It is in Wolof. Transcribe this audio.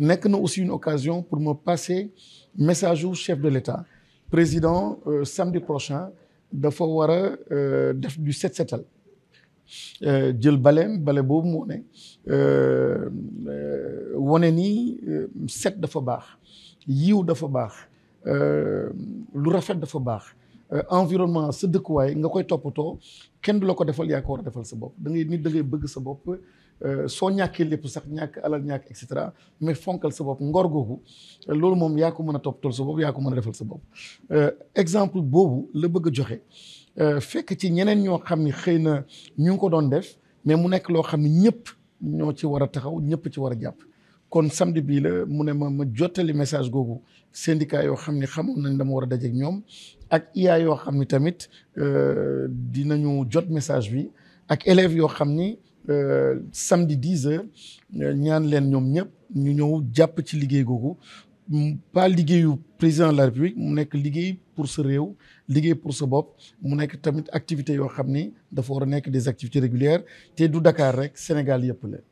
nek aussi une occasion pour me passer message au chef de l'État, président euh, samedi prochain de Fawara euh, du 7 7 djël balem balé bobu mo né euh, euh woné 7, set dafa bax yiw dafa bax euh lu dafa bax Euh, environnement sa dëkkuwaay nga koy toppatoo kenn du la ko defal yaa ko war a defal sa bopp da ngay nit da bëgg sa bopp euh, soo ñàkkee lépp sax ñàkk alal ñàkk et cetera mais fonkal sa bopp ngor googu euh, loolu moom yaa ko mën a toppatoo sa bopp yaa ko mën a defal sa bopp exemple boobu la bëgg a joxe fekk ci ñeneen ñoo xam ni xëy na ñu ngi ko doon def mais mu nekk loo xam ni ñëpp ñoo ci war a taxaw ñëpp ci war a jàpp kon samedi bi la mu ne ma ma jottali message gogou syndicat yo xamni xamou nañ dama wara a dajeeg ñoom ak iya yo xamni tamit euh dinañu jot message bi ak élèves yo xamni euh samedi 10 heures euh, ñaan leen ñom ñep ñu ñew japp ci liggéey gogou pas liggéeyu président de la république mu nek liggéey pour ce réew liggéey pour ce bop mu nek tamit activité yo xamni dafa wara nek des activités régulières te du Dakar rek Sénégal yëpp la